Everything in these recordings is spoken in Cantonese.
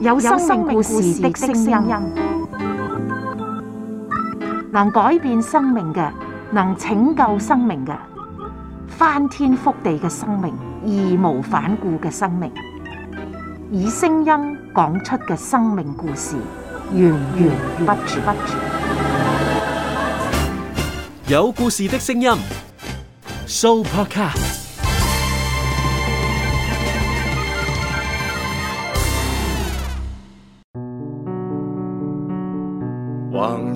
有生命故事的聲音，能改變生命嘅，能拯救生命嘅，翻天覆地嘅生命，義無反顧嘅生命，以聲音講出嘅生命故事，源源不絕。有故事的聲音，Soupercast。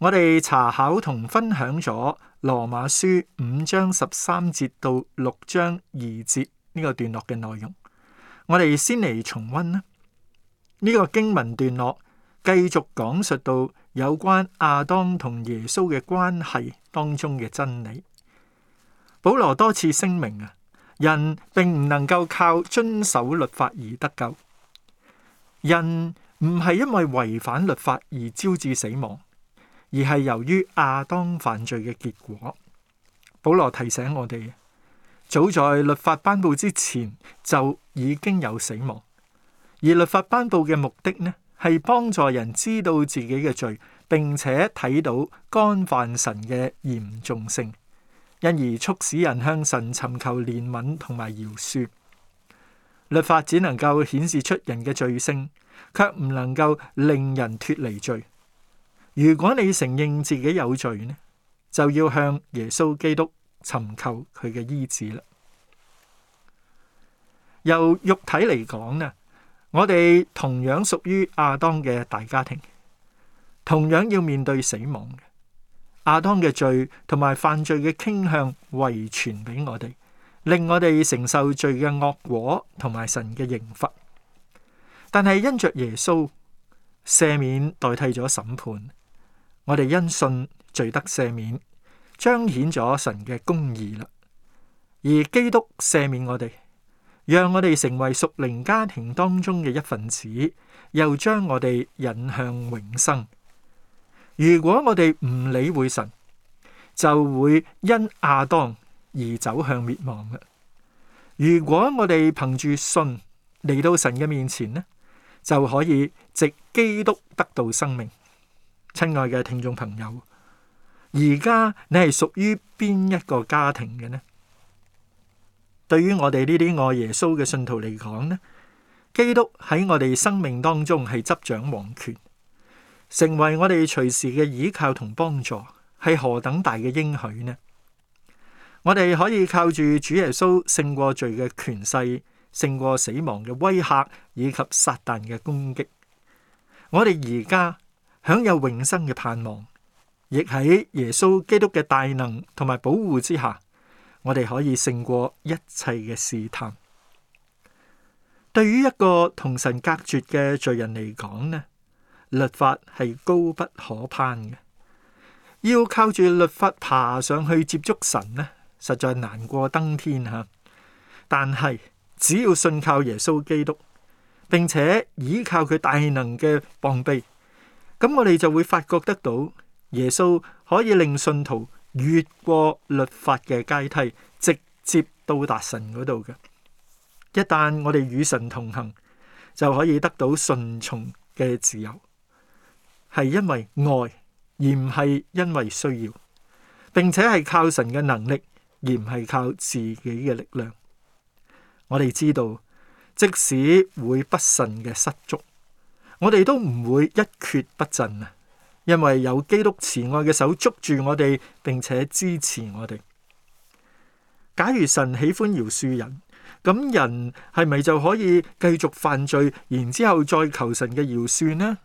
我哋查考同分享咗羅馬書五章十三節到六章二節呢個段落嘅內容，我哋先嚟重溫啦。呢個經文段落繼續講述到有關亞當同耶穌嘅關係當中嘅真理。保羅多次聲明啊，人並唔能夠靠遵守律法而得救，人唔係因為違反律法而招致死亡。而係由於亞當犯罪嘅結果，保羅提醒我哋，早在律法頒布之前就已經有死亡。而律法頒布嘅目的呢，係幫助人知道自己嘅罪，並且睇到干犯神嘅嚴重性，因而促使人向神尋求憐憫同埋饒恕。律法只能夠顯示出人嘅罪性，卻唔能夠令人脫離罪。如果你承認自己有罪呢，就要向耶穌基督尋求佢嘅醫治啦。由肉體嚟講呢，我哋同樣屬於亞當嘅大家庭，同樣要面對死亡。亞當嘅罪同埋犯罪嘅傾向遺傳俾我哋，令我哋承受罪嘅惡果同埋神嘅刑罰。但係因着耶穌赦免，代替咗審判。我哋因信罪得赦免，彰顯咗神嘅公義啦。而基督赦免我哋，讓我哋成為屬靈家庭當中嘅一份子，又將我哋引向永生。如果我哋唔理會神，就會因亞當而走向滅亡嘅。如果我哋憑住信嚟到神嘅面前咧，就可以藉基督得到生命。親愛嘅聽眾朋友，而家你係屬於邊一個家庭嘅呢？對於我哋呢啲愛耶穌嘅信徒嚟講呢，基督喺我哋生命當中係執掌王權，成為我哋隨時嘅倚靠同幫助，係何等大嘅應許呢？我哋可以靠住主耶穌勝過罪嘅權勢，勝過死亡嘅威嚇以及撒旦嘅攻擊。我哋而家，享有永生嘅盼望，亦喺耶穌基督嘅大能同埋保護之下，我哋可以勝過一切嘅試探。對於一個同神隔絕嘅罪人嚟講呢，律法係高不可攀嘅，要靠住律法爬上去接觸神呢，實在難過登天吓。但係只要信靠耶穌基督，並且依靠佢大能嘅傍庇。咁我哋就會發覺得到，耶穌可以令信徒越過律法嘅階梯，直接到達神嗰度嘅。一旦我哋與神同行，就可以得到順從嘅自由，係因為愛而唔係因為需要，並且係靠神嘅能力而唔係靠自己嘅力量。我哋知道，即使會不慎嘅失足。我哋都唔會一蹶不振啊，因為有基督慈愛嘅手捉住我哋，並且支持我哋。假如神喜歡饒恕人，咁人係咪就可以繼續犯罪，然之後再求神嘅饒恕呢？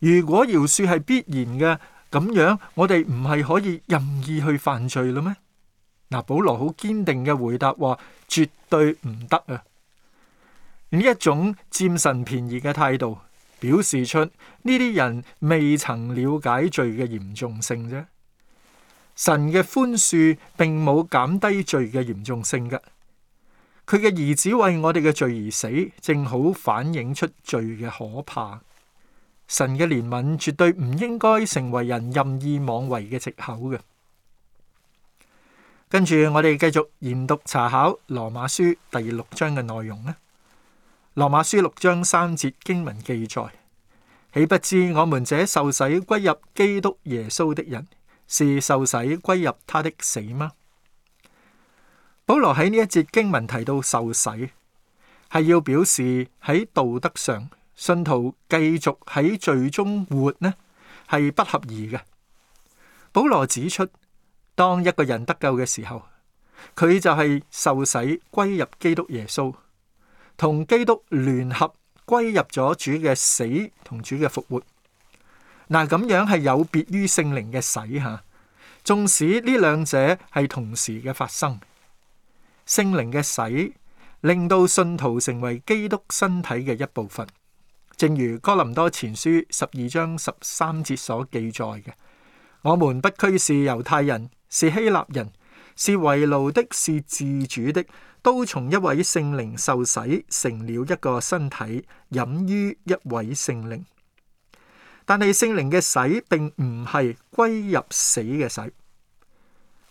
如果饒恕係必然嘅，咁樣我哋唔係可以任意去犯罪咯咩？嗱，保羅好堅定嘅回答話：絕對唔得啊！呢一種佔神便宜嘅態度，表示出呢啲人未曾了解罪嘅嚴重性啫。神嘅寬恕並冇減低罪嘅嚴重性嘅。佢嘅兒子為我哋嘅罪而死，正好反映出罪嘅可怕。神嘅憐憫絕對唔應該成為人任意妄為嘅藉口嘅。跟住我哋繼續研讀查考羅馬書第六章嘅內容咧。羅馬書六章三節經文記載，豈不知我們這受洗歸入基督耶穌的人，是受洗歸入他的死嗎？保羅喺呢一節經文提到受洗，係要表示喺道德上，信徒繼續喺罪中活呢，係不合宜嘅。保羅指出，當一個人得救嘅時候，佢就係受洗歸入基督耶穌。同基督聯合歸入咗主嘅死同主嘅復活，嗱咁樣係有別於聖靈嘅洗，吓。縱使呢兩者係同時嘅發生，聖靈嘅洗令到信徒成為基督身體嘅一部分，正如哥林多前書十二章十三節所記載嘅：我們不拘是猶太人，是希臘人，是為奴的，是自主的，都從一位聖靈受洗，成了一個身體，飲於一位聖靈。但係聖靈嘅洗，並唔係歸入死嘅洗，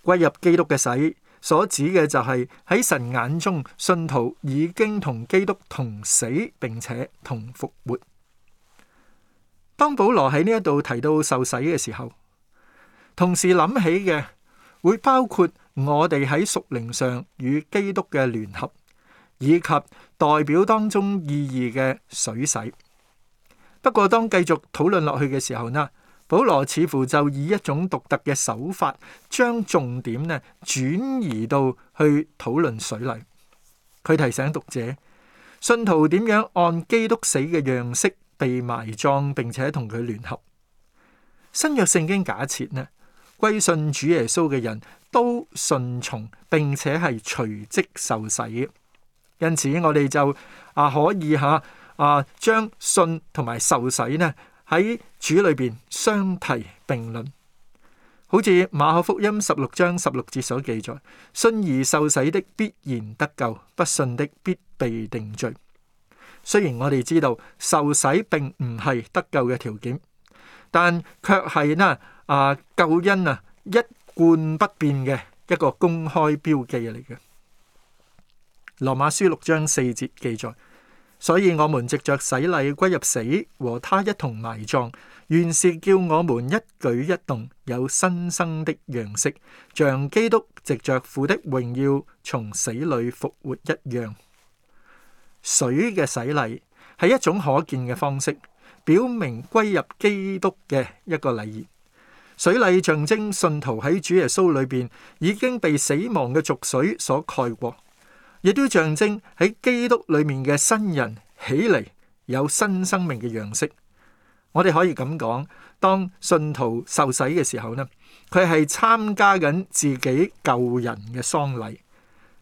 歸入基督嘅洗，所指嘅就係、是、喺神眼中，信徒已經同基督同死，並且同復活。當保羅喺呢一度提到受洗嘅時候，同時諗起嘅會包括。我哋喺屬靈上與基督嘅聯合，以及代表當中意義嘅水洗。不過當繼續討論落去嘅時候呢，保羅似乎就以一種獨特嘅手法，將重點呢轉移到去討論水禮。佢提醒讀者，信徒點樣按基督死嘅樣式被埋葬，並且同佢聯合。新約聖經假設呢？歸信主耶穌嘅人都信從，並且係隨即受洗，因此我哋就啊可以吓啊將信同埋受洗呢喺主裏面相提並論，好似馬可福音十六章十六節所記載：信而受洗的必然得救，不信的必被定罪。雖然我哋知道受洗並唔係得救嘅條件，但卻係呢？啊！救恩啊，一貫不變嘅一個公開標記嚟嘅。羅馬書六章四節記載，所以我們藉着洗禮歸入死，和他一同埋葬，原是叫我們一舉一動有新生的樣式，像基督藉着父的榮耀從死裏復活一樣。水嘅洗禮係一種可見嘅方式，表明歸入基督嘅一個禮儀。水禮象徵信徒喺主耶穌裏邊已經被死亡嘅濁水所蓋過，亦都象徵喺基督裏面嘅新人起嚟有新生命嘅樣式。我哋可以咁講：當信徒受洗嘅時候呢，佢係參加緊自己舊人嘅喪禮。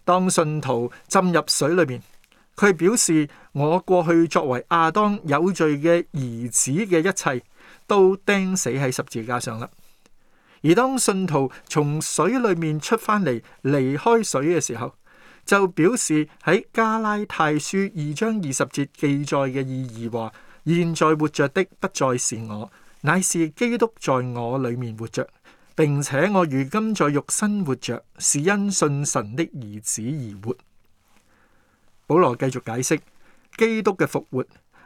當信徒浸入水裏面，佢表示我過去作為亞當有罪嘅兒子嘅一切都釘死喺十字架上啦。而當信徒從水裏面出翻嚟離開水嘅時候，就表示喺加拉太書二章二十節記載嘅意義話：現在活着的不再是我，乃是基督在我裏面活着，並且我如今在肉身活着，是因信神的兒子而活。保羅繼續解釋，基督嘅復活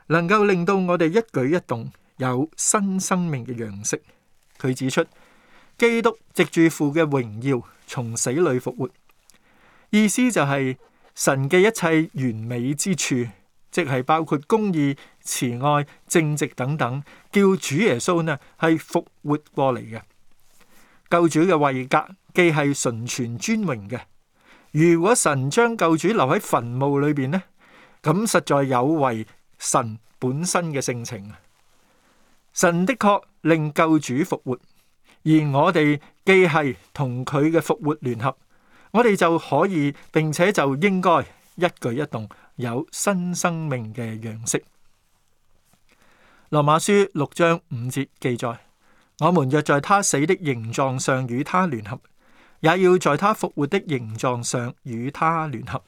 能夠令到我哋一舉一動有新生命嘅樣式。佢指出。基督藉住父嘅榮耀從死裏復活，意思就係神嘅一切完美之處，即係包括公義、慈愛、正直等等，叫主耶穌呢係復活過嚟嘅。救主嘅位格既係純全尊榮嘅，如果神將救主留喺墳墓裏邊呢，咁實在有違神本身嘅性情啊！神的確令救主復活。而我哋既係同佢嘅復活聯合，我哋就可以，並且就應該一舉一動有新生命嘅樣式。羅馬書六章五節記載：我們若在他死的形狀上與他聯合，也要在他復活的形狀上與他聯合。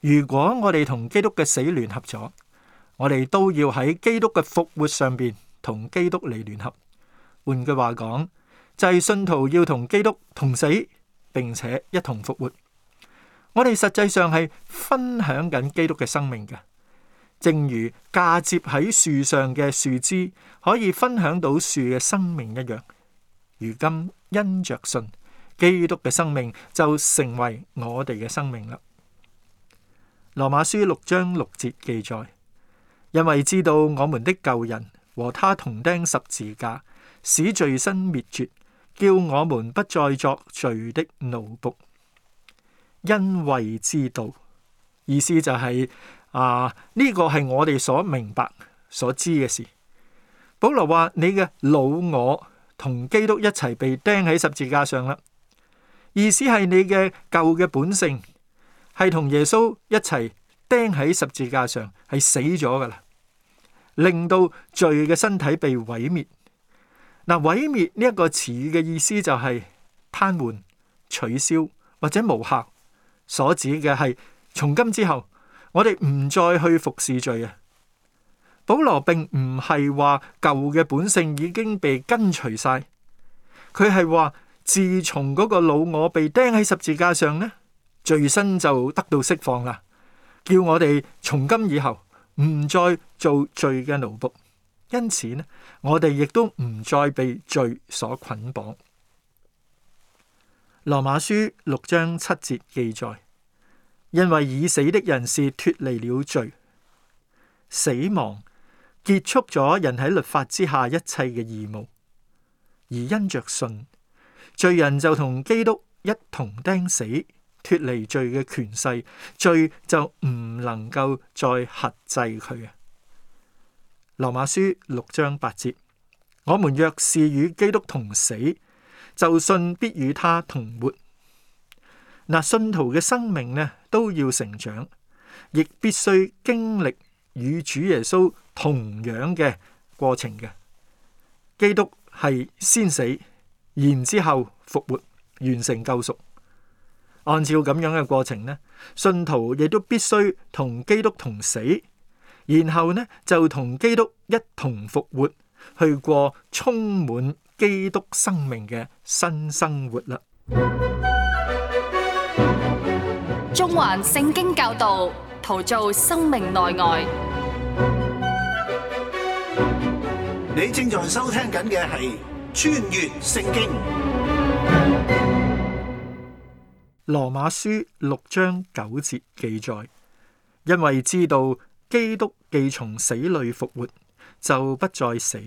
如果我哋同基督嘅死聯合咗，我哋都要喺基督嘅復活上邊同基督嚟聯合。換句話講，就係信徒要同基督同死，並且一同復活。我哋實際上係分享緊基督嘅生命嘅，正如嫁接喺樹上嘅樹枝可以分享到樹嘅生命一樣。如今因着信，基督嘅生命就成為我哋嘅生命啦。羅馬書六章六節記載，因為知道我們的舊人和他同釘十字架。使罪身滅絕，叫我們不再作罪的奴僕。因為知道，意思就係、是、啊，呢、這個係我哋所明白、所知嘅事。保羅話：你嘅老我同基督一齊被釘喺十字架上啦，意思係你嘅舊嘅本性係同耶穌一齊釘喺十字架上，係死咗噶啦，令到罪嘅身體被毀滅。嗱，毀滅呢一個詞語嘅意思就係、是、癱瘓、取消或者無效，所指嘅係從今之後，我哋唔再去服侍罪啊！保羅並唔係話舊嘅本性已經被根除晒，佢係話自從嗰個老我被釘喺十字架上咧，罪身就得到釋放啦，叫我哋從今以後唔再做罪嘅奴僕。因此呢，我哋亦都唔再被罪所捆綁。羅馬書六章七節記載：因為已死的人是脫離了罪，死亡結束咗人喺律法之下一切嘅義務，而因着信，罪人就同基督一同釘死，脫離罪嘅權勢，罪就唔能夠再轄制佢啊！羅馬書六章八節：我們若是與基督同死，就信必與他同活。嗱，信徒嘅生命呢都要成長，亦必須經歷與主耶穌同樣嘅過程嘅。基督係先死，然之後復活，完成救贖。按照咁樣嘅過程呢，信徒亦都必須同基督同死。然後呢，就同基督一同復活，去過充滿基督生命嘅新生活啦。中環聖經教導，陶造生命內外。你正在收聽緊嘅係《穿越聖經》。羅馬書六章九節記載，因為知道。基督既從死裏復活，就不再死，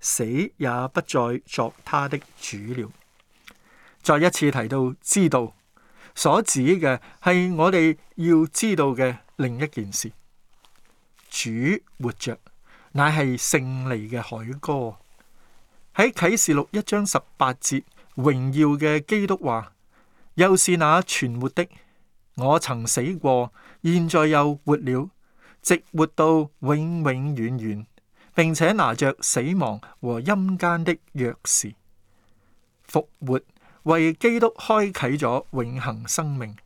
死也不再作他的主了。再一次提到知道，所指嘅係我哋要知道嘅另一件事。主活着，乃係勝利嘅凱歌。喺啟示錄一章十八節，榮耀嘅基督話，又是那存活的，我曾死過，現在又活了。直活到永永遠遠，並且拿着死亡和陰間的鑰匙復活，為基督開啟咗永恆生命，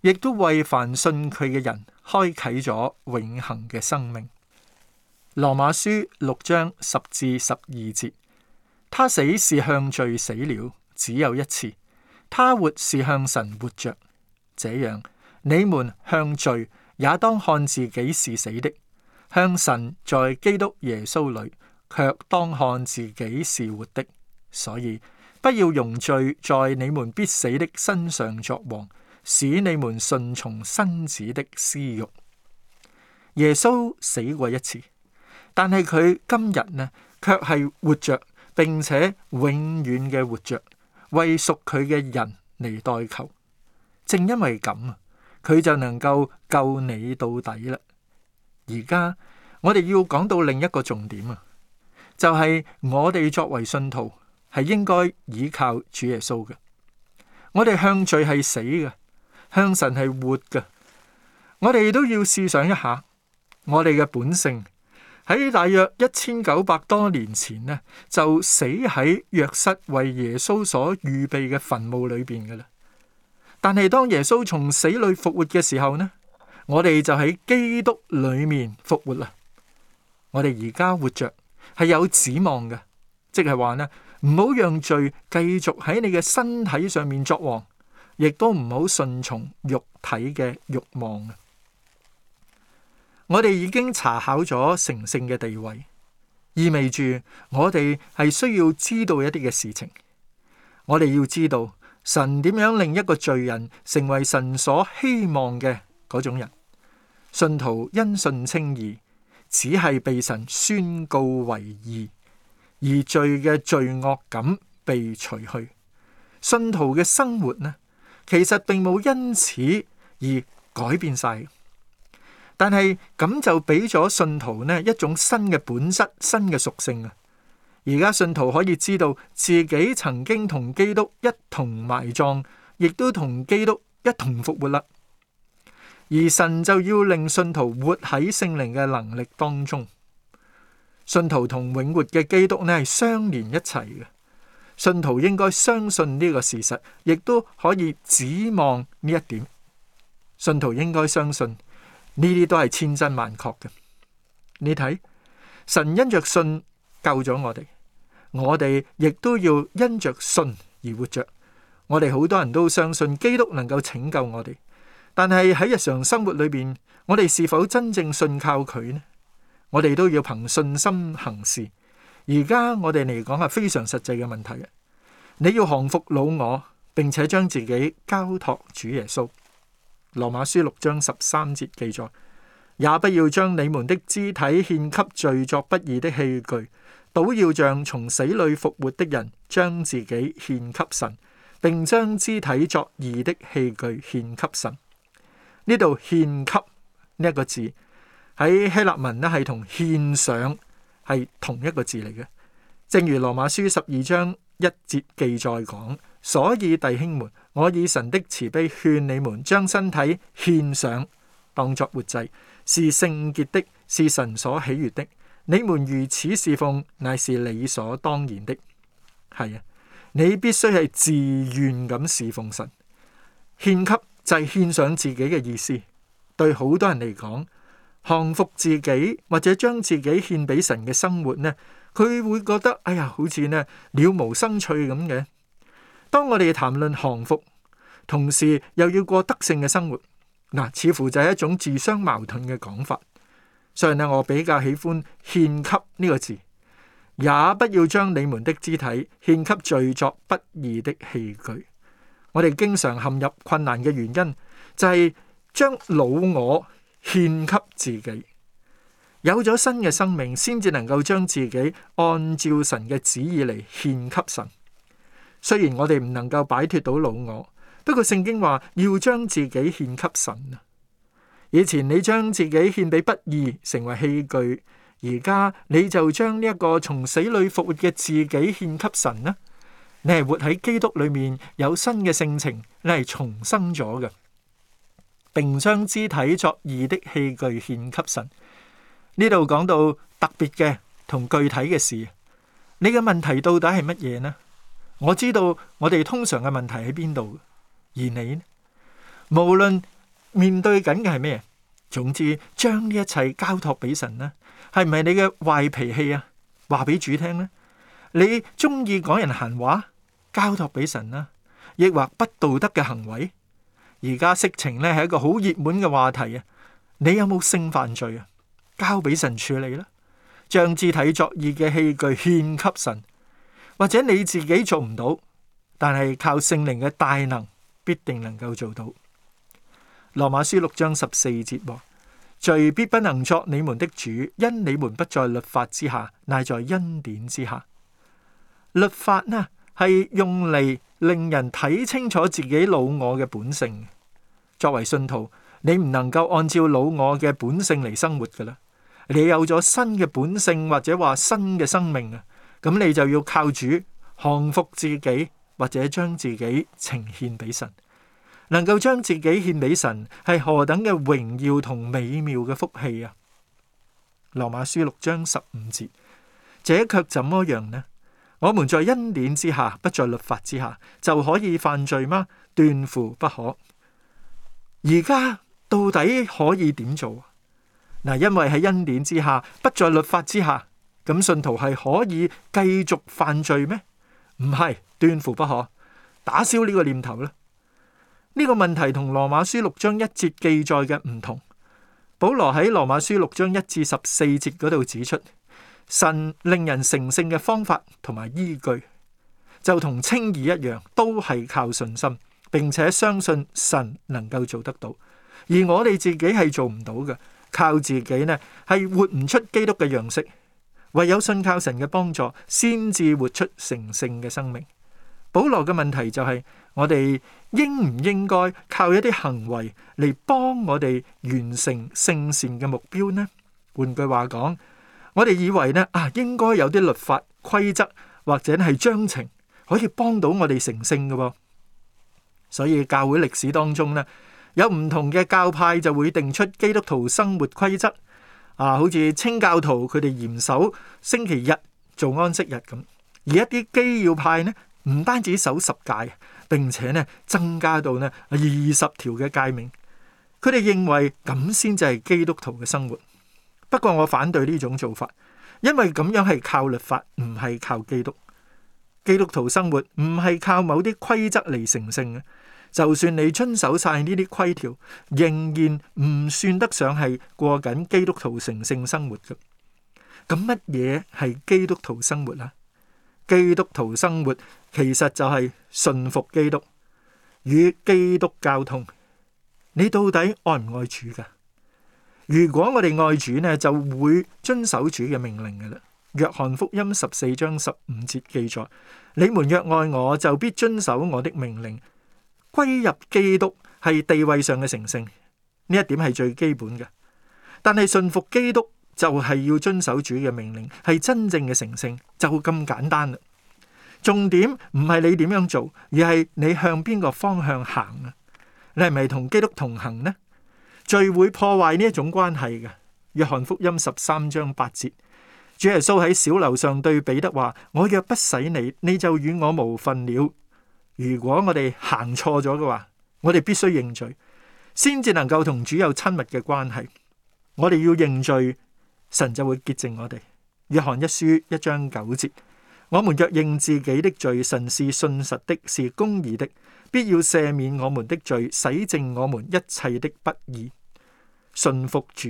亦都為凡信佢嘅人開啟咗永恆嘅生命。羅馬書六章十至十二節，他死是向罪死了，只有一次；他活是向神活着。這樣，你們向罪。也當看自己是死的，向神在基督耶穌裏，卻當看自己是活的。所以不要容罪在你們必死的身上作王，使你們順從身子的私欲。耶穌死過一次，但係佢今日呢，卻係活着，並且永遠嘅活着，為屬佢嘅人嚟代求。正因為咁啊。佢就能夠救你到底啦。而家我哋要講到另一個重點啊，就係、是、我哋作為信徒係應該依靠主耶穌嘅。我哋向罪係死嘅，向神係活嘅。我哋都要試想一下，我哋嘅本性喺大約一千九百多年前呢，就死喺約瑟為耶穌所預備嘅墳墓裏邊嘅啦。但係當耶穌從死裏復活嘅時候呢，我哋就喺基督裏面復活啦。我哋而家活着係有指望嘅，即係話呢，唔好讓罪繼續喺你嘅身體上面作王，亦都唔好順從肉體嘅慾望啊！我哋已經查考咗成聖嘅地位，意味住我哋係需要知道一啲嘅事情。我哋要知道。神點樣令一個罪人成為神所希望嘅嗰種人？信徒因信稱義，只係被神宣告為義，而罪嘅罪惡感被除去。信徒嘅生活呢，其實並冇因此而改變晒，但係咁就俾咗信徒呢一種新嘅本質、新嘅屬性啊。而家信徒可以知道自己曾經同基督一同埋葬，亦都同基督一同復活啦。而神就要令信徒活喺聖靈嘅能力當中，信徒同永活嘅基督呢係相連一齊嘅。信徒應該相信呢個事實，亦都可以指望呢一點。信徒應該相信呢啲都係千真萬確嘅。你睇神因着信。救咗我哋，我哋亦都要因着信而活着。我哋好多人都相信基督能夠拯救我哋，但係喺日常生活裏邊，我哋是否真正信靠佢呢？我哋都要憑信心行事。而家我哋嚟講係非常實際嘅問題。你要降服老我，並且將自己交託主耶穌。羅馬書六章十三節記載：也不要將你們的肢體獻給罪作不義的器具。倒要像從死裏復活的人，將自己獻給神，並將肢體作義的器具獻給神。呢度獻給呢一個字喺希臘文咧，係同獻上係同一個字嚟嘅。正如羅馬書十二章一節記載講，所以弟兄們，我以神的慈悲勸你們，將身體獻上，當作活祭，是聖潔的，是神所喜悦的。你們如此侍奉，乃是理所當然的。係啊，你必須係自願咁侍奉神，獻給就係獻上自己嘅意思。對好多人嚟講，降服自己或者將自己獻俾神嘅生活呢，佢會覺得哎呀，好似呢了無生趣咁嘅。當我哋談論降服，同時又要過德性嘅生活，嗱，似乎就係一種自相矛盾嘅講法。上呢，我比較喜歡獻給呢個字，也不要將你們的肢體獻給罪作不義的器具。我哋經常陷入困難嘅原因，就係、是、將老我獻給自己。有咗新嘅生命，先至能夠將自己按照神嘅旨意嚟獻給神。雖然我哋唔能夠擺脫到老我，不過聖經話要將自己獻給神啊。以前你將自己獻俾不義，成為器具；而家你就將呢一個從死裏復活嘅自己獻給神呢？你係活喺基督裏面，有新嘅性情，你係重生咗嘅，並將肢體作義的器具獻給神。呢度講到特別嘅同具體嘅事。你嘅問題到底係乜嘢呢？我知道我哋通常嘅問題喺邊度，而你呢？無論。面對緊嘅係咩？總之，將呢一切交託俾神呢，係唔係你嘅壞脾氣啊？話俾主聽，呢你中意講人閒話，交託俾神呢亦或不道德嘅行為。而家色情呢係一個好熱門嘅話題啊。你有冇性犯罪啊？交俾神處理啦。將肢體作孽嘅器具獻給神。或者你自己做唔到，但係靠聖靈嘅大能，必定能夠做到。羅馬書六章十四節：罪必不能作你們的主，因你們不在律法之下，乃在恩典之下。律法呢，係用嚟，令人睇清楚自己老我嘅本性。作為信徒，你唔能夠按照老我嘅本性嚟生活噶啦。你有咗新嘅本性，或者話新嘅生命啊，咁你就要靠主降服自己，或者將自己呈現俾神。能夠將自己獻俾神，係何等嘅榮耀同美妙嘅福氣啊！羅馬書六章十五節，這卻怎麼樣呢？我們在恩典之下，不在律法之下，就可以犯罪嗎？斷乎不可。而家到底可以點做嗱？因為喺恩典之下，不在律法之下，咁信徒係可以繼續犯罪咩？唔係，斷乎不可。打消呢個念頭啦。呢個問題同羅馬書六章一節記載嘅唔同。保羅喺羅馬書六章一至十四節嗰度指出，神令人成聖嘅方法同埋依據，就同稱義一樣，都係靠信心，並且相信神能夠做得到。而我哋自己係做唔到嘅，靠自己呢，係活唔出基督嘅樣式，唯有信靠神嘅幫助，先至活出成聖嘅生命。保羅嘅問題就係、是，我哋應唔應該靠一啲行為嚟幫我哋完成聖善嘅目標呢？換句話講，我哋以為呢啊，應該有啲律法規則或者係章程可以幫到我哋成聖嘅、哦。所以教會歷史當中呢，有唔同嘅教派就會定出基督徒生活規則啊，好似清教徒佢哋嚴守星期日做安息日咁，而一啲基要派呢，唔單止守十誡，並且咧，增加到咧二十條嘅誡命，佢哋認為咁先就係基督徒嘅生活。不過我反對呢種做法，因為咁樣係靠律法，唔係靠基督。基督徒生活唔係靠某啲規則嚟成聖嘅，就算你遵守晒呢啲規條，仍然唔算得上係過緊基督徒成聖生活嘅。咁乜嘢係基督徒生活啊？基督徒生活其實就係順服基督與基督交通，你到底愛唔愛主㗎？如果我哋愛主呢，就會遵守主嘅命令㗎喇。約翰福音十四章十五節記載：你們若愛我，就必遵守我的命令。歸入基督係地位上嘅成聖，呢一點係最基本嘅。但係順服基督。就係要遵守主嘅命令，係真正嘅成聖，就咁簡單啦。重點唔係你點樣做，而係你向邊個方向行啊？你係咪同基督同行呢？罪會破壞呢一種關係嘅。約翰福音十三章八節，主耶穌喺小樓上對彼得話：我若不洗你，你就與我無分了。如果我哋行錯咗嘅話，我哋必須認罪，先至能夠同主有親密嘅關係。我哋要認罪。神就會潔淨我哋。約翰一書一章九節，我們若認自己的罪，神是信實的，是公義的，必要赦免我們的罪，洗淨我們一切的不義。信服主，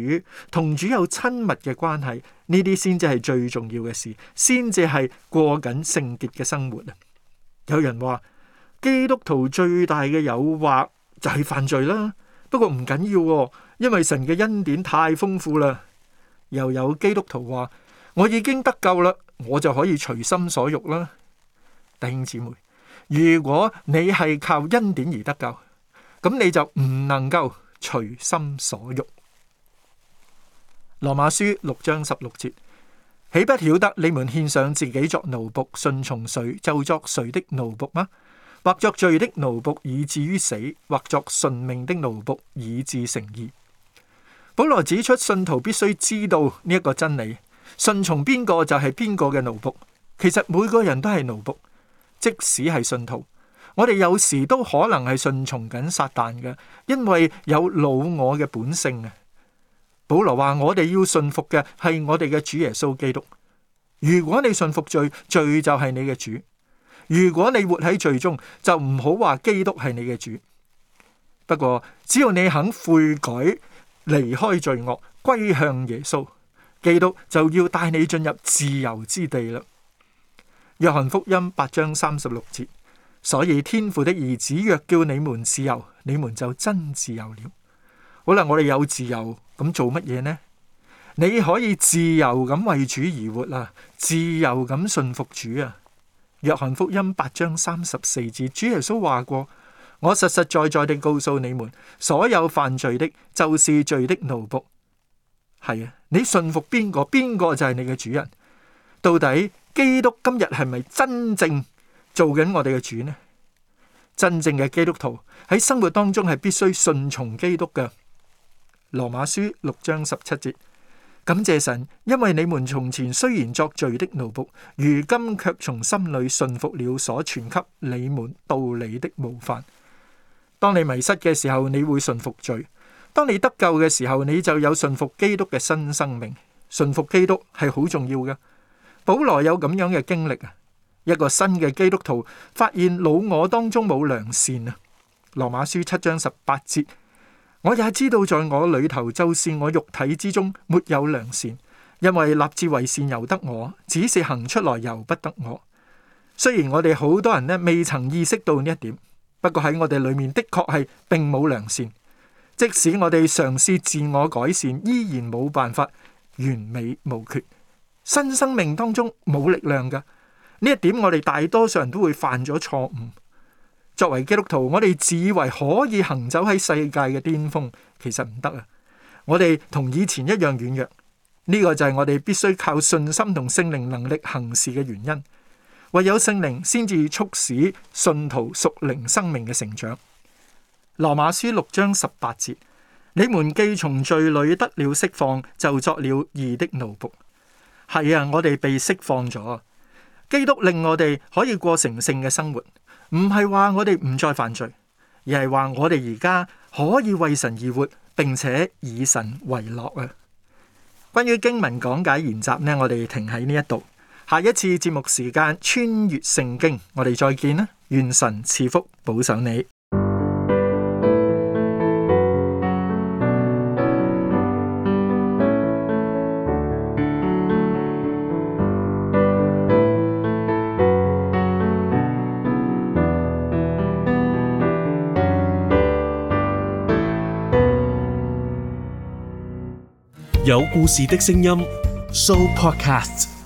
同主有親密嘅關係，呢啲先至係最重要嘅事，先至係過緊聖潔嘅生活啊！有人話基督徒最大嘅誘惑就係犯罪啦，不過唔緊要，因為神嘅恩典太豐富啦。又有基督徒話：我已經得救啦，我就可以隨心所欲啦。弟兄姊妹，如果你係靠恩典而得救，咁你就唔能夠隨心所欲。羅馬書六章十六節：豈不曉得你們獻上自己作奴僕，順從誰就作誰的奴僕嗎？或作罪的奴僕以至於死，或作順命的奴僕以至成義。保羅指出，信徒必須知道呢一個真理。信從邊個就係邊個嘅奴僕。其實每個人都係奴僕，即使係信徒。我哋有時都可能係順從緊撒旦嘅，因為有老我嘅本性啊。保羅話：我哋要信服嘅係我哋嘅主耶穌基督。如果你信服罪，罪就係你嘅主；如果你活喺罪中，就唔好話基督係你嘅主。不過只要你肯悔改。離開罪惡，歸向耶穌，基督就要帶你進入自由之地啦。約翰福音八章三十六節，所以天父的兒子若叫你們自由，你們就真自由了。好啦，我哋有自由，咁做乜嘢呢？你可以自由咁為主而活啦，自由咁信服主啊。約翰福音八章三十四節，主耶穌話過。我實實在在地告訴你們，所有犯罪的，就是罪的奴僕。係啊，你信服邊個，邊個就係你嘅主人。到底基督今日係咪真正做緊我哋嘅主呢？真正嘅基督徒喺生活當中係必須信從基督嘅。羅馬書六章十七節，感謝神，因為你們從前雖然作罪的奴僕，如今卻從心裏信服了所傳給你們道理的模範。當你迷失嘅時候，你會順服罪；當你得救嘅時候，你就有順服基督嘅新生命。順服基督係好重要嘅。保羅有咁樣嘅經歷啊，一個新嘅基督徒發現老我當中冇良善啊，《羅馬書》七章十八節。我也知道在我裏頭，就算我肉體之中沒有良善，因為立志為善由得我，只是行出來由不得我。雖然我哋好多人咧未曾意識到呢一點。不過喺我哋裏面的確係並冇良善，即使我哋嘗試自我改善，依然冇辦法完美無缺。新生命當中冇力量噶呢一點，我哋大多數人都會犯咗錯誤。作為基督徒，我哋自以為可以行走喺世界嘅巔峰，其實唔得啊！我哋同以前一樣軟弱，呢個就係我哋必須靠信心同聖靈能力行事嘅原因。唯有聖靈先至促使信徒屬靈生命嘅成長。羅馬書六章十八節：你們既從罪裏得了釋放，就作了義的奴僕。係啊，我哋被釋放咗。基督令我哋可以過成聖嘅生活，唔係話我哋唔再犯罪，而係話我哋而家可以為神而活，並且以神為樂啊！關於經文講解研習呢，我哋停喺呢一度。下一次節目時間穿越聖經，我哋再見啦！願神賜福保賞你。有故事的聲音，Show Podcast。